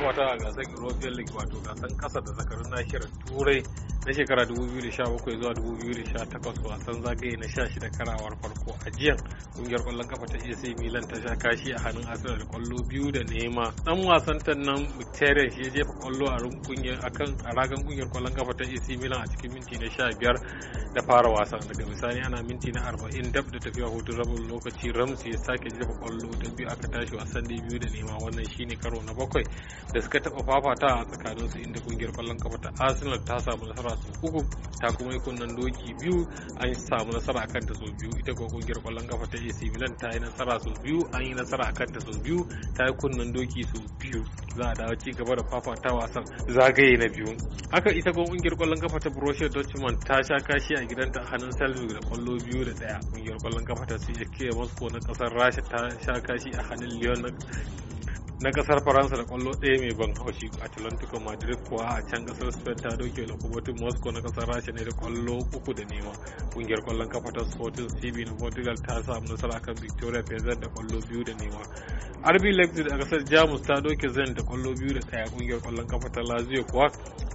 fafata a gasar european league wato gasan kasa da zakarun nahiyar turai na shekara 2017 zuwa 2018 wasan zagaye na 16 karawar farko a jiyan kungiyar kwallon kafa ta AC Milan ta sha kashi a hannun Arsenal da kwallo biyu da nema dan wasan tan nan Mkhitaryan shi jefa kwallo a kungiyar akan a ragan kungiyar kwallon kafa ta AC Milan a cikin minti na 15 da fara wasan daga misali ana minti na 40 dab da tafiya hutun rabin lokaci Ramsey ya sake jefa kwallo ta biyu aka tashi wasan da biyu da nema wannan shine karo na bakwai da suka taba fafata a tsakaninsu inda kungiyar kwallon kafa ta Arsenal ta samu nasara sa uku ta kuma yi kunnen doki biyu an samu nasara akan ta sau biyu ita kuwa kungiyar kwallon kafa ta AC Milan ta yi nasara sau biyu an yi nasara akan ta sau biyu ta yi kunnen doki sau biyu za a dawo ci gaba da fafata wasan zagaye na biyu haka ita kuwa kungiyar kwallon kafa ta Borussia Dortmund ta sha kashi a gidanta a hannun Salzburg da kwallo biyu da daya kungiyar kwallon kafa ta CSKA Moscow na kasar Rasha ta sha kashi a hannun Lyon na kasar faransa da kwallo ɗaya mai ban haushi atlantico madrid kuwa a can kasar spain ta doke lokomotiv moscow na kasar rasha ne da kwallo uku da nema kungiyar kwallon kafa ta sporting cb na portugal ta samu nasara kan victoria pezzan da kwallo biyu da nema rb leipzig a kasar jamus ta doke zen da kwallo biyu da ɗaya kungiyar kwallon kafa ta lazio kuwa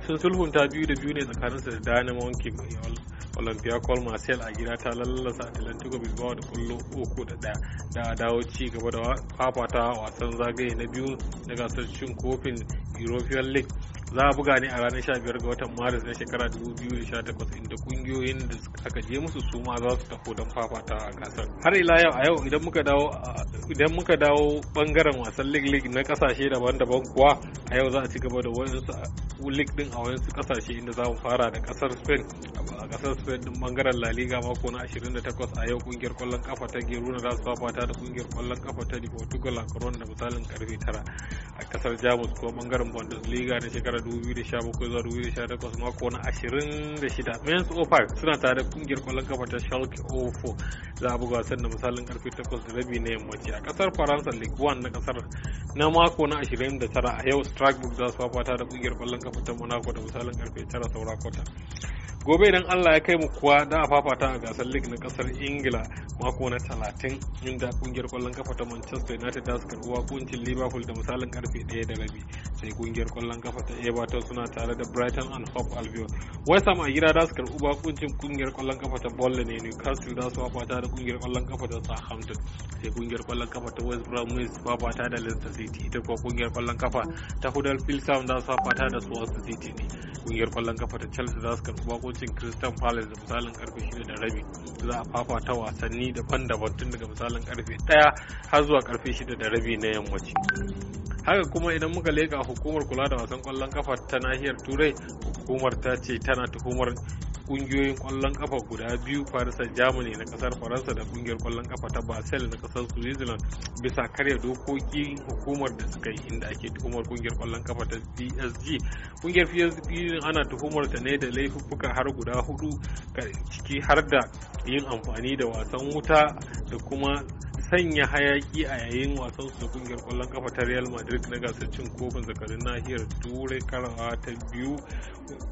sun sulhunta biyu da biyu ne tsakaninsa da dynamo kiev olympiacos marcel a gida ta lallasa atlantico bilbao da kullo uku da daya da dawo ci gaba da fafata wasan zagaye na biyu na gasar cin kofin european league za a buga ne a ranar 15 ga watan maris na shekara 2018 inda kungiyoyin da aka je musu su ma za su taho don fafata a gasar har ila yau a yau idan muka dawo idan muka dawo bangaren wasan lig lig na kasashe daban-daban kuwa a yau za a ci gaba da wasu league din a wasu kasashe inda za mu fara da kasar spain a kasar spain din bangaren la liga mako na 28 a yau kungiyar kwallon kafa ta girona za su fafata da kungiyar kwallon kafa ta portugal a corona da misalin karfe 9 a kasar jamus kuma bangaren bundesliga na shekarar 2017 zuwa 2018 mako na 26 mainz 05 suna tare da kungiyar kwallon kafa ta schalke 04 za a buga wasan da misalin karfe 8 da rabi na yammaci a kasar faransa league 1 na kasar na mako na 29 a yau strasbourg za su fafata da kungiyar kwallon suka fita monaco da misalin karfe tara saura kwata gobe idan allah ya kai mu kuwa da a fafata a gasar league na kasar ingila mako na talatin inda kungiyar kwallon kafa ta manchester united da su karbi kuncin liverpool da misalin karfe ɗaya da rabi sai kungiyar kwallon kafa ta everton suna tare da brighton and hope albion west ham a gida da su karbi kuncin kungiyar kwallon kafa ta bolle ne newcastle da su fafata da kungiyar kwallon kafa ta southampton sai kungiyar kwallon kafa ta west bromwich su fafata da leicester city ita kuwa kungiyar kwallon kafa ta huddersfield town da su fafata da swansea city ne kungiyar kwallon kafa ta chelsea za su karbi bakoncin crystal palace da misalin karfe 6 da rabi za a fafata wasanni daban-daban tun daga misalin karfe 1 har zuwa karfe 6 da rabi na yammaci haka kuma idan muka leka hukumar kula da wasan kwallon kafa ta nahiyar turai hukumar ta ce tana tuhumar kungiyoyin kwallon kafa guda biyu Paris Saint-Germain na kasar Faransa da kungiyar kwallon kafa ta Basel na kasar Switzerland bisa karya dokoki hukumar da suka yi inda ake tuhumar kungiyar kwallon kafa ta PSG. Kungiyar PSG ana tuhumar ta ne da laifuka har guda hudu ciki har da yin amfani da wasan wuta da kuma sanya hayaki a yayin wasan su kungiyar kwallon kafa ta Real Madrid na gasar cin kofin zakarun nahiyar Turai karawa ta biyu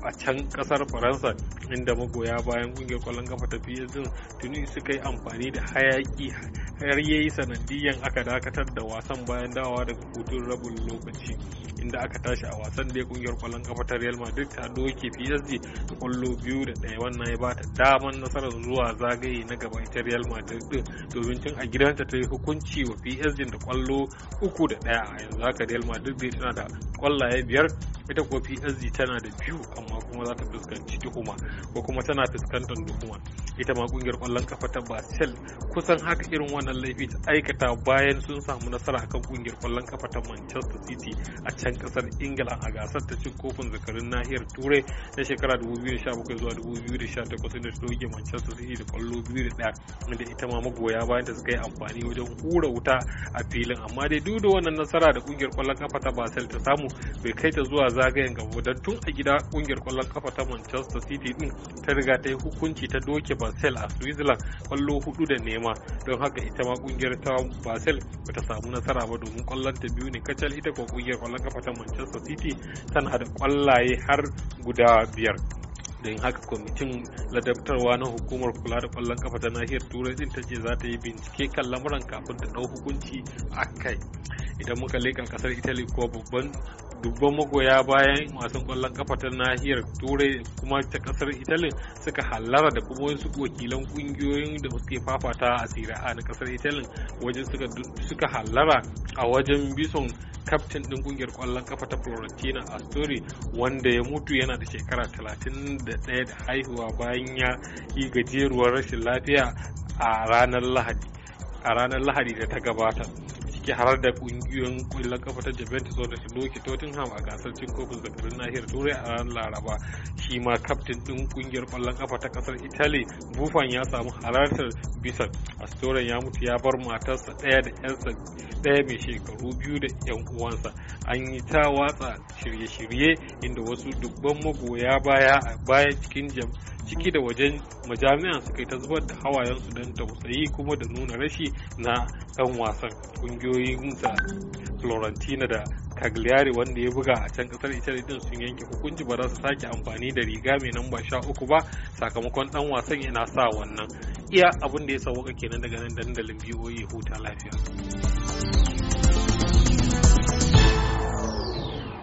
a can kasar Faransa inda magoya bayan kungiyar kwallon kafa ta PSG tuni suka yi amfani da hayaki har yayi sanadiyan aka dakatar da wasan bayan dawowa daga hutun rabin lokaci inda aka tashi a wasan da kungiyar kwallon kafa ta Real Madrid ta doke PSG da kwallo biyu da ɗaya wannan ya bata daman nasarar zuwa zagaye na gaba ita Real Madrid din domin cin a gidanta ta yi hukunci wa PSG da kwallo uku da ɗaya a yanzu haka Real Madrid dai tana da kwallaye biyar ita kuwa PSG tana da biyu amma kuma za ta fuskanci tuhuma ko kuma tana fuskantar duhuma. ita ma kungiyar kwallon kafa ta basel kusan haka irin wannan laifi ta aikata bayan sun samu nasara akan kungiyar kwallon kafa ta manchester city a can kasar ingila a gasar ta cin kofin zakarin nahiyar turai na shekara 2017 zuwa 2018 da doge manchester city da kwallo biyu da daya inda ita ma magoya bayan ta suka yi amfani wajen hura wuta a filin amma dai duk da wannan nasara da kungiyar kwallon kafa ta basel ta samu bai kai ta zuwa zagayen gaba da tun a gida kungiyar kwallon kafa ta manchester city din ta riga ta yi hukunci ta doke ba basel a switzerland kwallo hudu da nema don haka ita ma kungiyar ta basel bata samu nasara ba domin kwallon ta biyu ne kacal ita ko kungiyar kwallon kafa ta manchester city tana da kwallaye har guda biyar da yin haka kwamitin ladabtarwa na hukumar kula da kwallon kafa ta nahiyar turai din ta ce za ta yi bincike kan lamuran kafin ta dau hukunci a kai idan muka leƙa kasar italy ko babban dubban magoya bayan wasan kwallon kafa ta nahiyar turai kuma ta kasar italy suka hallara da kuma wasu wakilan kungiyoyin da suke fafata a a na kasar italy wajen suka hallara a wajen bison kaftin din kungiyar kwallon kafa ta florentina astori wanda ya mutu yana da shekara 30 da ɗaya da haihuwa bayan ya yi gajeruwar rashin lafiya a ranar lahadi a ranar lahadi da ta gabata ciki har da ƙungiyoyin kwallon kafa ta Juventus da totin Tottenham a gasar cin kofin zakarun nahiyar Turai a ranar Laraba shi ma kaftin din kungiyar kwallon kafa ta kasar Italy bufan ya samu halartar bisan Astoria ya mutu ya bar matarsa ɗaya da yansa ɗaya mai shekaru biyu da yan uwansa an yi ta watsa shirye-shirye inda wasu dubban magoya baya a bayan cikin ciki da wajen majami'an suka yi ta zubar da hawayensu don tausayi kuma da nuna rashi na ɗan wasan ƙungiyoyin da florentina da Cagliari wanda ya buga a can kasar Italy din sun yanke hukunci ba za su sake amfani da riga mai namba sha uku ba sakamakon ɗan wasan yana sa wannan iya abin da ya sauka kenan daga nan dandalin BOE huta lafiya.